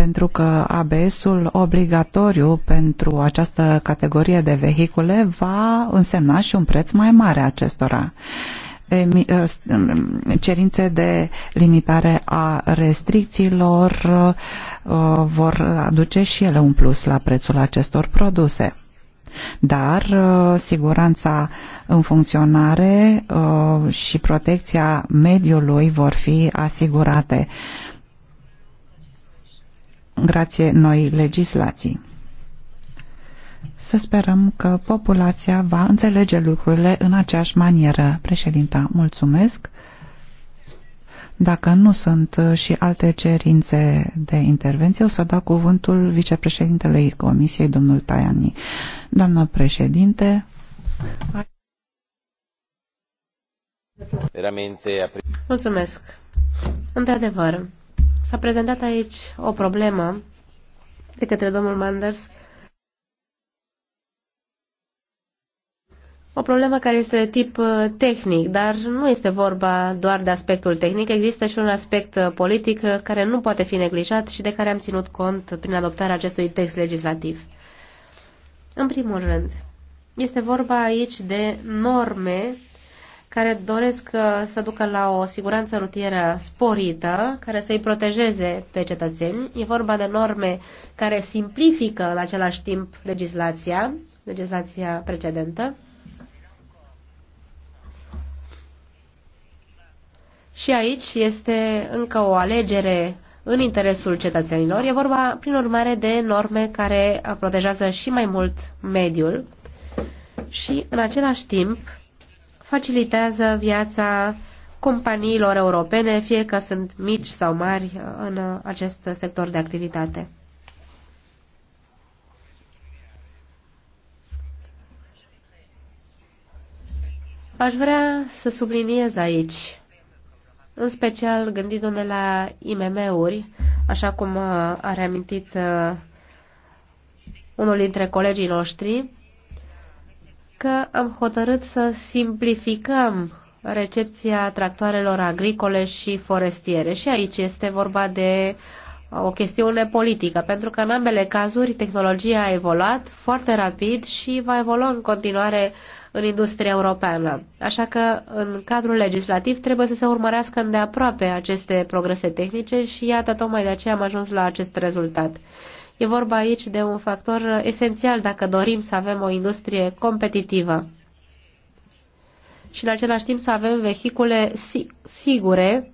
pentru că ABS-ul obligatoriu pentru această categorie de vehicule va însemna și un preț mai mare acestora ă, cerințe de limitare a restricțiilor ă, vor aduce și ele un plus la prețul acestor produse. Dar ă, siguranța în funcționare și protecția mediului vor fi asigurate grație noii legislații. Să sperăm că populația va înțelege lucrurile în aceeași manieră. Președinta, mulțumesc. Dacă nu sunt și alte cerințe de intervenție, o să dau cuvântul vicepreședintelui Comisiei, domnul Taiani. Doamnă președinte... Mulțumesc. Într-adevăr, S-a prezentat aici o problemă de către domnul Manders, o problemă care este de tip uh, tehnic, dar nu este vorba doar de aspectul tehnic, există și un aspect uh, politic uh, care nu poate fi neglijat și de care am ținut cont prin adoptarea acestui text legislativ. În primul rând, este vorba aici de norme care doresc uh, să ducă la o siguranță rutieră sporită, care să-i protejeze pe cetățeni. E vorba de norme care simplifică în același timp legislația, legislația precedentă. Și aici este încă o alegere în interesul cetățenilor. E vorba, prin urmare, de norme care protejează și mai mult mediul și, în același timp, facilitează viața companiilor europene, fie că sunt mici sau mari în acest sector de activitate. Aș vrea să subliniez aici, în special gândindu-ne la IMM-uri, așa cum a reamintit uh, unul dintre colegii noștri, că am hotărât să simplificăm recepția tractoarelor agricole și forestiere. Și aici este vorba de uh, o chestiune politică, pentru că în ambele cazuri tehnologia a evoluat foarte rapid și va evolua în continuare în industria europeană. Așa că în cadrul legislativ trebuie să se urmărească îndeaproape aceste progrese tehnice și iată, tocmai de aceea am ajuns la acest rezultat. E vorba aici de un factor esențial dacă dorim să avem o industrie competitivă și în același timp să avem vehicule sigure,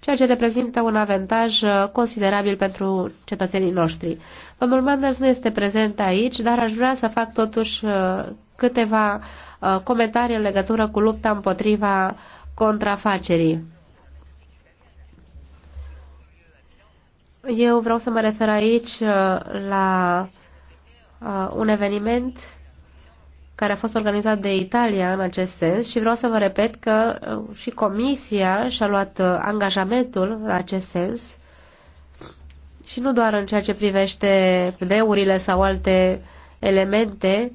ceea ce reprezintă un avantaj uh, considerabil pentru cetățenii noștri. Domnul Manders nu este prezent aici, dar aș vrea să fac totuși uh, câteva uh, comentarii în legătură cu lupta împotriva contrafacerii. Eu vreau să mă refer aici uh, la uh, un eveniment care a fost organizat de Italia în acest sens și vreau să vă repet că uh, și Comisia și-a luat angajamentul în acest sens și nu doar în ceea ce privește pneurile sau alte elemente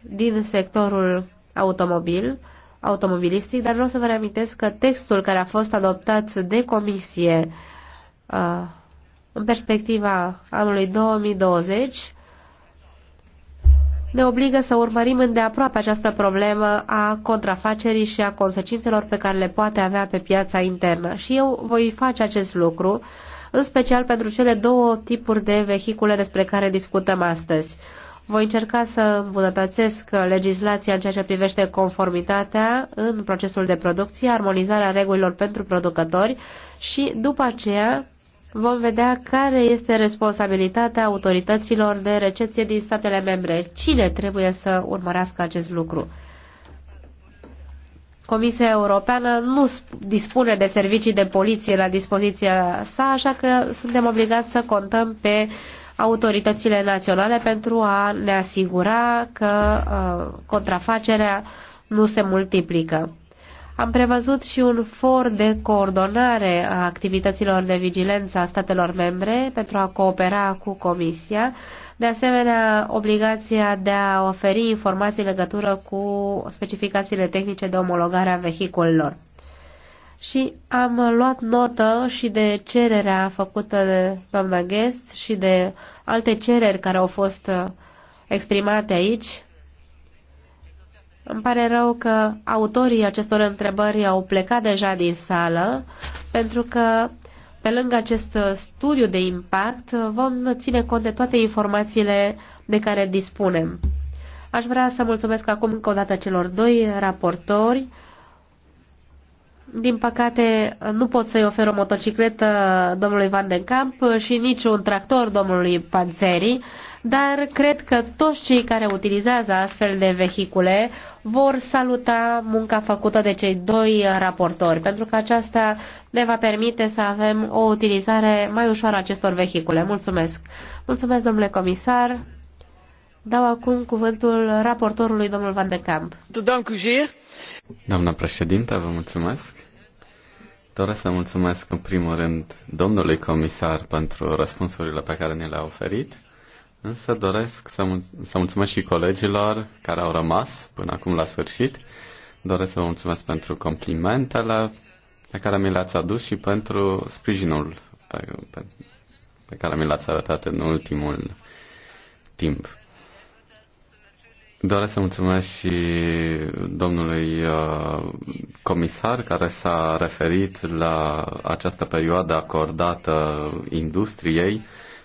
din sectorul automobil, automobilistic, dar vreau să vă reamintesc că textul care a fost adoptat de Comisie uh, în perspectiva anului 2020 ne obligă să urmărim îndeaproape această problemă a contrafacerii și a consecințelor pe care le poate avea pe piața internă. Și eu voi face acest lucru, în special pentru cele două tipuri de vehicule despre care discutăm astăzi. Voi încerca să îmbunătățesc legislația în ceea ce privește conformitatea în procesul de producție, armonizarea regulilor pentru producători și, după aceea, vom vedea care este responsabilitatea autorităților de recepție din statele membre. Cine trebuie să urmărească acest lucru? Comisia Europeană nu dispune de servicii de poliție la dispoziția sa, așa că suntem obligați să contăm pe autoritățile naționale pentru a ne asigura că uh, contrafacerea nu se multiplică. Am prevăzut și un for de coordonare a activităților de vigilență a statelor membre pentru a coopera cu Comisia, de asemenea obligația de a oferi informații în legătură cu specificațiile tehnice de omologare a vehiculelor. Și am luat notă și de cererea făcută de doamna Guest și de alte cereri care au fost exprimate aici îmi pare rău că autorii acestor întrebări au plecat deja din sală, pentru că pe lângă acest studiu de impact vom ține cont de toate informațiile de care dispunem. Aș vrea să mulțumesc acum încă o dată celor doi raportori. Din păcate, nu pot să-i ofer o motocicletă domnului Van den Camp și nici un tractor domnului Panzeri, dar cred că toți cei care utilizează astfel de vehicule vor saluta munca făcută de cei doi raportori, pentru că aceasta ne va permite să avem o utilizare mai ușoară a acestor vehicule. Mulțumesc! Mulțumesc, domnule comisar! Dau acum cuvântul raportorului, domnul Van de Camp. Doamna președintă, vă mulțumesc! Doresc să mulțumesc în primul rând domnului comisar pentru răspunsurile pe care ne le-a oferit Însă doresc să, mul- să mulțumesc și colegilor care au rămas până acum la sfârșit. Doresc să vă mulțumesc pentru complimentele pe care mi le-ați adus și pentru sprijinul pe, pe, pe care mi l-ați arătat în ultimul timp. Doresc să mulțumesc și domnului uh, comisar care s-a referit la această perioadă acordată industriei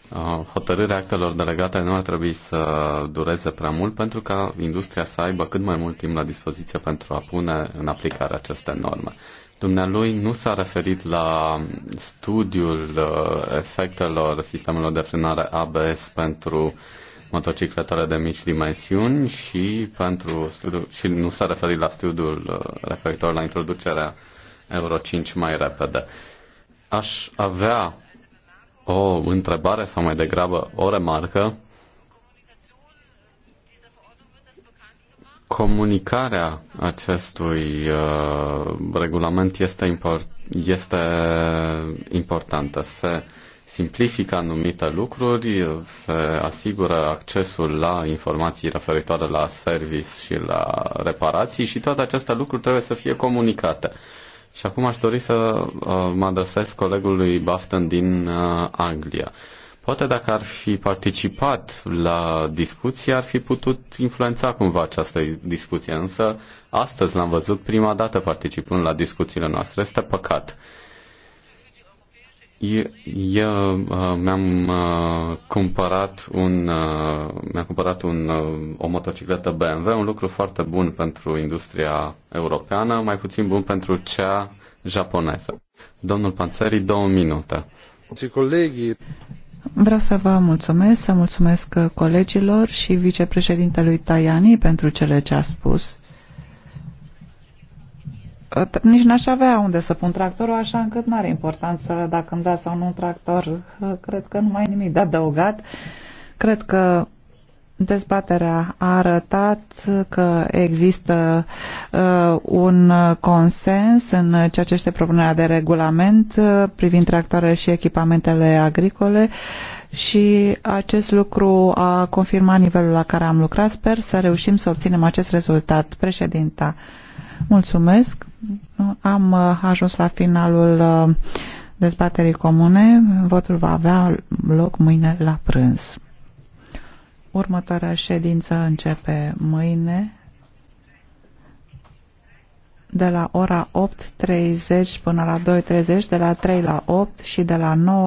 Uh, hotărârea actelor delegate nu ar trebui să dureze prea mult pentru ca industria să aibă cât mai mult timp la dispoziție pentru a pune în aplicare aceste norme. Dumnealui nu s-a referit la studiul uh, efectelor sistemelor de frânare ABS pentru motocicletele de mici dimensiuni și, pentru studiul, și nu s-a referit la studiul uh, referitor la introducerea Euro 5 mai repede. Aș avea o întrebare sau mai degrabă o remarcă. Comunicarea acestui uh, regulament este, import, este importantă. Se simplifică anumite lucruri, se asigură accesul la informații referitoare la service și la reparații și toate aceste lucruri trebuie să fie comunicate. Uh, și acum aș dori să uh, mă adresez colegului Bafton din uh, Anglia. Poate dacă ar fi participat la discuție, ar fi putut influența cumva această discuție, însă astăzi l-am văzut prima dată participând la discuțiile noastre. Este păcat. Eu uh, mi-am uh, cumpărat un, uh, mi-am cumpărat un, uh, o motocicletă BMW, un lucru foarte bun pentru industria europeană, mai puțin bun pentru cea japoneză. Domnul Panțării, două minute. Colegii. Vreau să vă mulțumesc, să mulțumesc colegilor și vicepreședintelui Tajani pentru cele ce a spus nici n-aș avea unde să pun tractorul, așa încât nu are importanță dacă îmi dați sau nu un tractor. Cred că nu mai e nimic de adăugat. Cred că dezbaterea a arătat că există uh, un consens în ceea ce este propunerea de regulament uh, privind tractoarele și echipamentele agricole și acest lucru a confirmat nivelul la care am lucrat. Sper să reușim să obținem acest rezultat. Președinta. Mulțumesc. Am uh, ajuns la finalul uh, dezbaterii comune. Votul va avea loc mâine la prânz. Următoarea ședință începe mâine de la ora 8.30 până la 2.30, de la 3 la 8 și de la 9